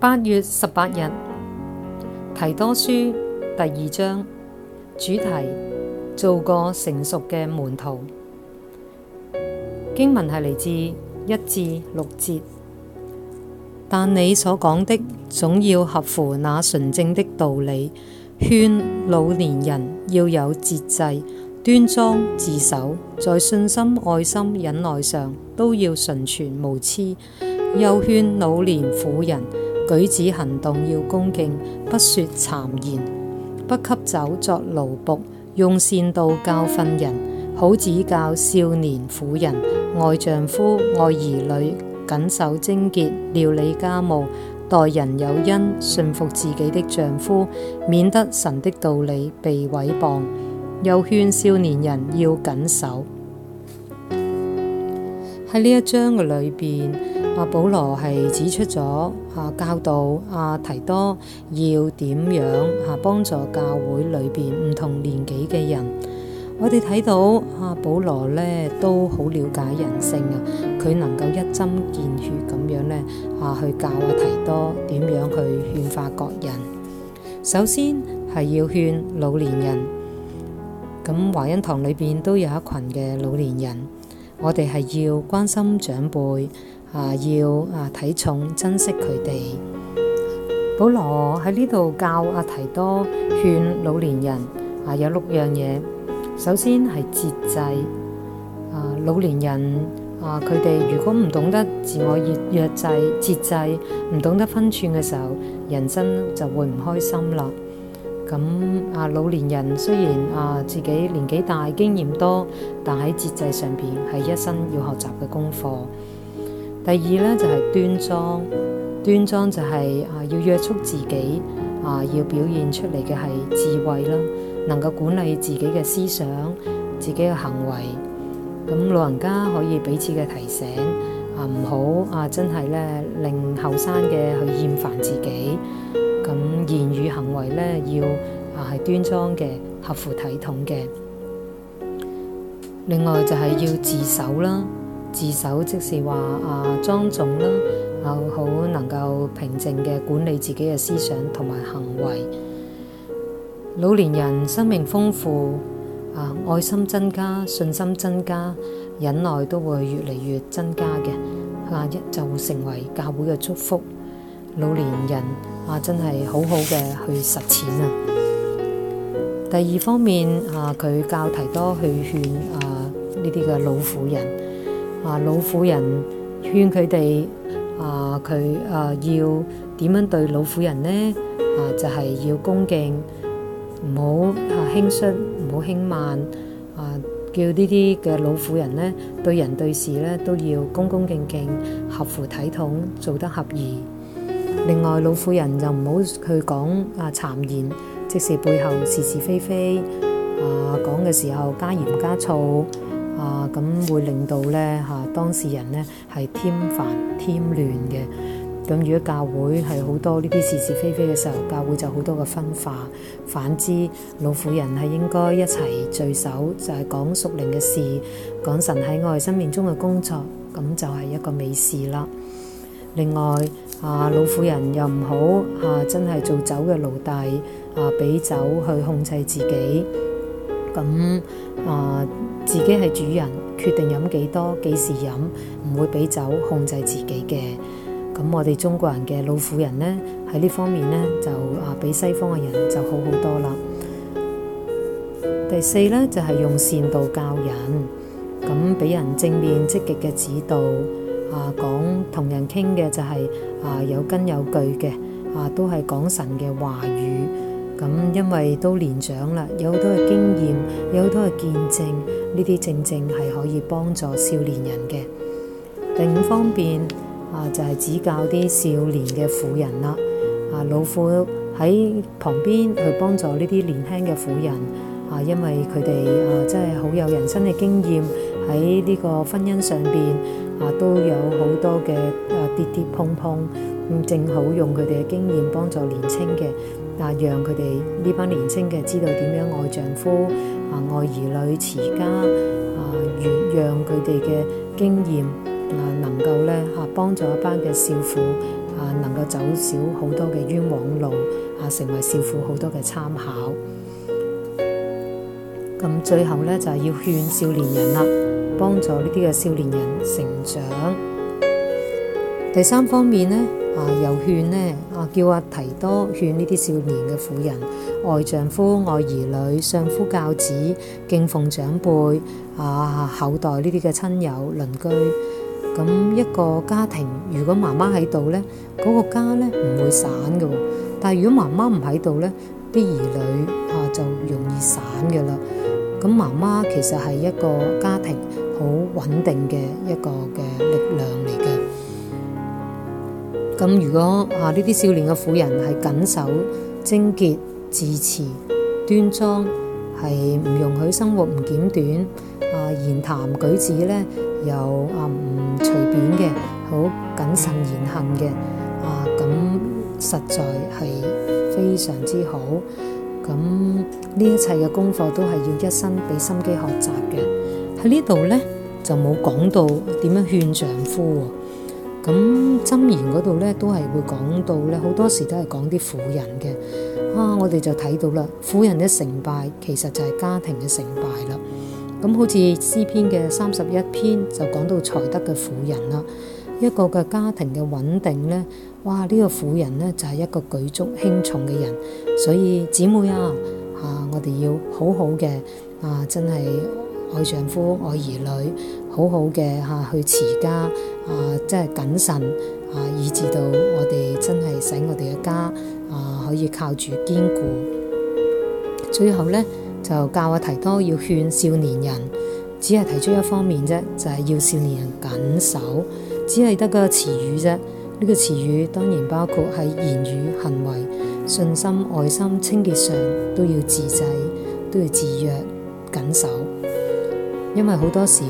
八月十八日，提多書第二章主題，做個成熟嘅門徒。經文係嚟自一至六節，但你所講的總要合乎那純正的道理，勸老年人要有節制、端莊自守，在信心、愛心、忍耐上都要純全無疵，又勸老年婦人。舉止行動要恭敬，不說讒言，不給酒作奴僕，用善道教訓人，好指教少年婦人，愛丈夫，愛兒女，謹守貞潔，料理家務，待人有恩，順服自己的丈夫，免得神的道理被毀謗。又勸少年人要謹守。喺呢一章嘅裏面。啊！保羅係指出咗啊，教導啊提多要點樣啊幫助教會裏邊唔同年紀嘅人。我哋睇到啊，保羅呢都好了解人性啊，佢能夠一針見血咁樣呢啊去教啊提多點樣去勸化各人。首先係要勸老年人。咁華恩堂裏邊都有一群嘅老年人，我哋係要關心長輩。啊！要啊，體重珍惜佢哋。保羅喺呢度教阿提多勸老年人啊，有六樣嘢。首先係節制啊，老年人啊，佢哋如果唔懂得自我約制、節制，唔懂得分寸嘅時候，人生就會唔開心啦。咁啊，老年人雖然啊自己年紀大、經驗多，但喺節制上邊係一生要學習嘅功課。第二呢，就係、是、端莊，端莊就係啊要約束自己，啊要表現出嚟嘅係智慧啦，能夠管理自己嘅思想，自己嘅行為。咁老人家可以彼此嘅提醒，啊唔好啊真係呢，令後生嘅去厭煩自己。咁言語行為呢，要啊係端莊嘅，合乎體統嘅。另外就係要自守啦。自守即是話啊莊重啦，啊好能夠平靜嘅管理自己嘅思想同埋行為。老年人生命豐富，啊愛心增加，信心增加，忍耐都會越嚟越增加嘅啊，一就會成為教會嘅祝福。老年人啊，真係好好嘅去實踐啊。第二方面啊，佢教提多去勸啊呢啲嘅老婦人。啊！老婦人勸佢哋啊，佢啊要點樣對老婦人呢？啊，就係要恭敬，唔好啊輕率，唔好輕慢。啊，叫呢啲嘅老婦人呢，對人對事呢都要恭恭敬敬，合乎體統，做得合宜。另外，老婦人就唔好去講啊讒言，即是背後是是非非。啊，講嘅時候加鹽加醋。啊，咁會令到呢吓，當事人呢係添煩添亂嘅。咁如果教會係好多呢啲是是非非嘅時候，教會就好多嘅分化。反之，老婦人係應該一齊聚首，就係講屬靈嘅事，講神喺我哋生命中嘅工作，咁就係一個美事啦。另外啊，老婦人又唔好啊，真係做酒嘅奴隸啊，俾酒去控制自己，咁啊。自己係主人，決定飲幾多、幾時飲，唔會俾酒控制自己嘅。咁我哋中國人嘅老婦人呢，喺呢方面呢，就啊比西方嘅人就好好多啦。第四呢，就係、是、用善道教人，咁俾人正面積極嘅指導，啊講同人傾嘅就係啊有根有據嘅，啊，有有啊都係講神嘅話語。咁，因為都年長啦，有好多嘅經驗，有好多嘅見證，呢啲正正係可以幫助少年人嘅。第五方面啊，就係、是、指教啲少年嘅婦人啦。啊，老婦喺旁邊去幫助呢啲年輕嘅婦人啊，因為佢哋啊，真係好有人生嘅經驗喺呢個婚姻上面啊，都有好多嘅啊跌跌碰碰，咁正好用佢哋嘅經驗幫助年青嘅。但讓佢哋呢班年青嘅知道點樣愛丈夫啊，愛、呃、兒女持家啊，越、呃、讓佢哋嘅經驗啊、呃，能夠咧吓幫助一班嘅少婦啊、呃，能夠走少好多嘅冤枉路啊、呃，成為少婦好多嘅參考。咁、呃、最後咧就係要勸少年人啦，幫助呢啲嘅少年人成長。第三方面呢啊，又勸呢啊，叫阿提多勸呢啲少年嘅婦人，愛丈夫，愛兒女，相夫教子，敬奉長輩，啊，後代呢啲嘅親友鄰居，咁一個家庭如果媽媽喺度咧，嗰個家咧唔會散嘅，但係如果媽媽唔喺度咧，啲兒女啊就容易散噶啦。咁媽媽其實係一個家庭好穩定嘅一個嘅力量嚟嘅。咁如果啊呢啲少年嘅婦人係謹守貞潔、自持端莊，係唔容許生活唔檢點，啊言談舉止咧又啊唔隨便嘅，好謹慎言行嘅，啊咁實在係非常之好。咁呢一切嘅功課都係要一生俾心機學習嘅。喺呢度咧就冇講到點樣勸丈夫、哦。咁箴言嗰度咧，都係會講到咧，好多時都係講啲婦人嘅啊！我哋就睇到啦，婦人嘅成敗，其實就係家庭嘅成敗啦。咁好似詩篇嘅三十一篇就講到才德嘅婦人啦，一個嘅家庭嘅穩定咧，哇！這個、婦呢個婦人咧就係、是、一個舉足輕重嘅人，所以姊妹啊，啊，我哋要好好嘅啊，真係愛丈夫，愛兒女。好好嘅吓，去持家啊，即係謹慎啊，以致到我哋真係使我哋嘅家啊可以靠住堅固。最後咧，就教我提多要勸少年人，只係提出一方面啫，就係、是、要少年人謹守，只係得個詞語啫。呢、這個詞語當然包括喺言語行為、信心、愛心、清潔上都要自制，都要自約謹守，因為好多時，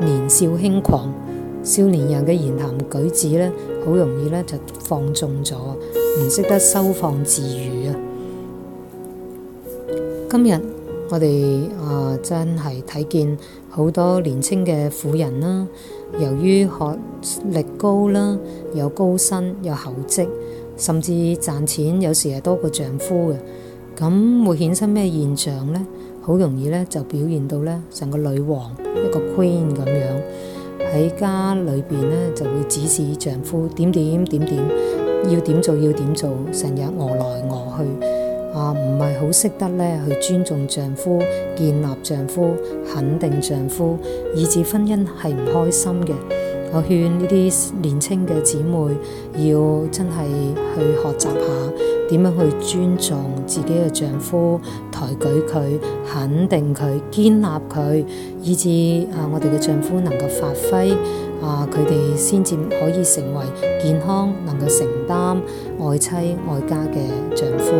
年少輕狂，少年人嘅言談舉止呢，好容易呢就放縱咗，唔識得收放自如啊！今日我哋啊，真係睇見好多年輕嘅婦人啦，由於學歷高啦，有高薪，有厚職，甚至賺錢有時係多過丈夫嘅，咁會衍生咩現象呢？好容易咧就表現到咧，成個女王一個 queen 咁樣，喺家裏邊咧就會指使丈夫點點點點，要點做要點做，成日拗來拗去，啊唔係好識得咧去尊重丈夫、建立丈夫、肯定丈夫，以至婚姻係唔開心嘅。我勸呢啲年青嘅姊妹要真係去學習下。點樣去尊重自己嘅丈夫，抬舉佢、肯定佢、建立佢，以至啊，我哋嘅丈夫能夠發揮啊，佢哋先至可以成為健康、能夠承擔愛妻愛家嘅丈夫。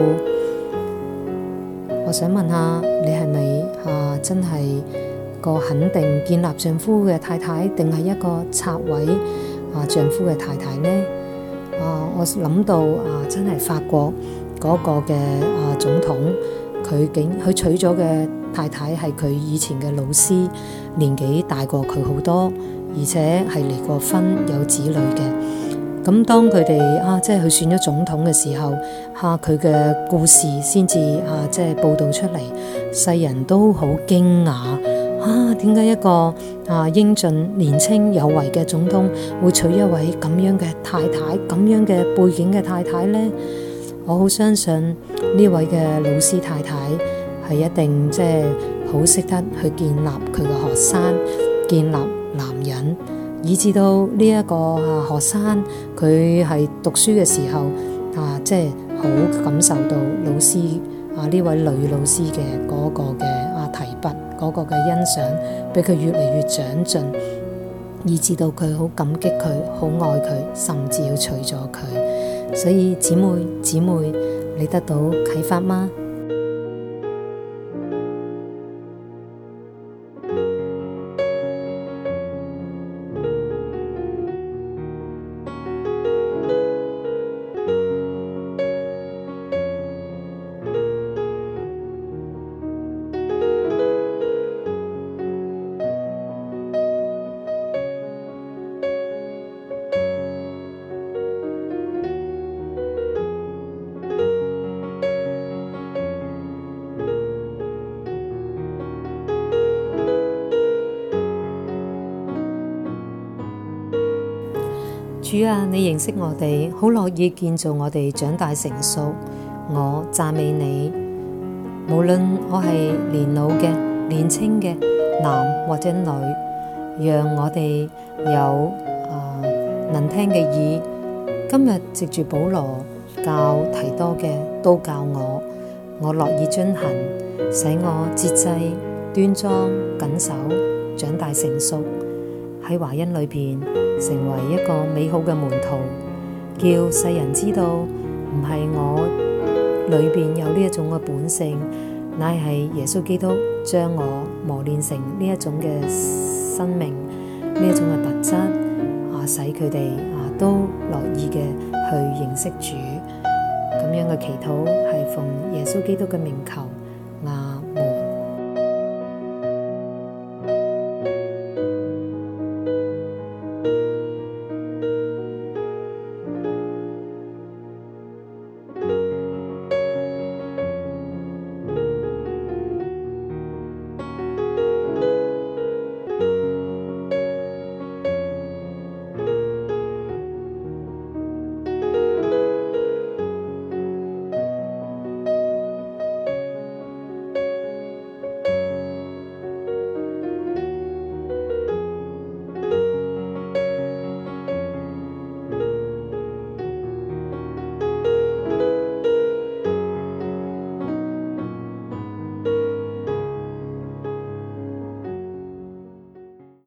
我想問下，你係咪啊，真係個肯定、建立丈夫嘅太太，定係一個拆毀啊丈夫嘅太太呢？我諗到啊，真係法國嗰個嘅啊總統，佢竟佢娶咗嘅太太係佢以前嘅老師，年紀大過佢好多，而且係離過婚有子女嘅。咁當佢哋啊，即係佢選咗總統嘅時候，吓佢嘅故事先至啊，即係報道出嚟，世人都好驚訝。啊，點解一個啊英俊、年青、有為嘅總統會娶一位咁樣嘅太太、咁樣嘅背景嘅太太咧？我好相信呢位嘅老師太太係一定即係好識得去建立佢嘅學生、建立男人，以至到呢一個啊學生佢係讀書嘅時候啊，即係好感受到老師啊呢位女老師嘅嗰個嘅。嗰、那個嘅欣賞，俾佢越嚟越長進，以至到佢好感激佢，好愛佢，甚至要娶咗佢。所以姐妹，姐妹，你得到啟發嗎？主啊，你認識我哋，好樂意建造我哋長大成熟。我讚美你，無論我係年老嘅、年輕嘅、男或者女，讓我哋有啊、呃、能聽嘅耳。今日藉住保羅教提多嘅，都教我，我樂意遵行，使我節制、端莊、謹守，長大成熟喺華恩裏邊。成為一個美好嘅門徒，叫世人知道唔係我裏邊有呢一種嘅本性，乃係耶穌基督將我磨練成呢一種嘅生命，呢一種嘅特質啊，使佢哋啊都樂意嘅去認識主。咁樣嘅祈禱係奉耶穌基督嘅名求。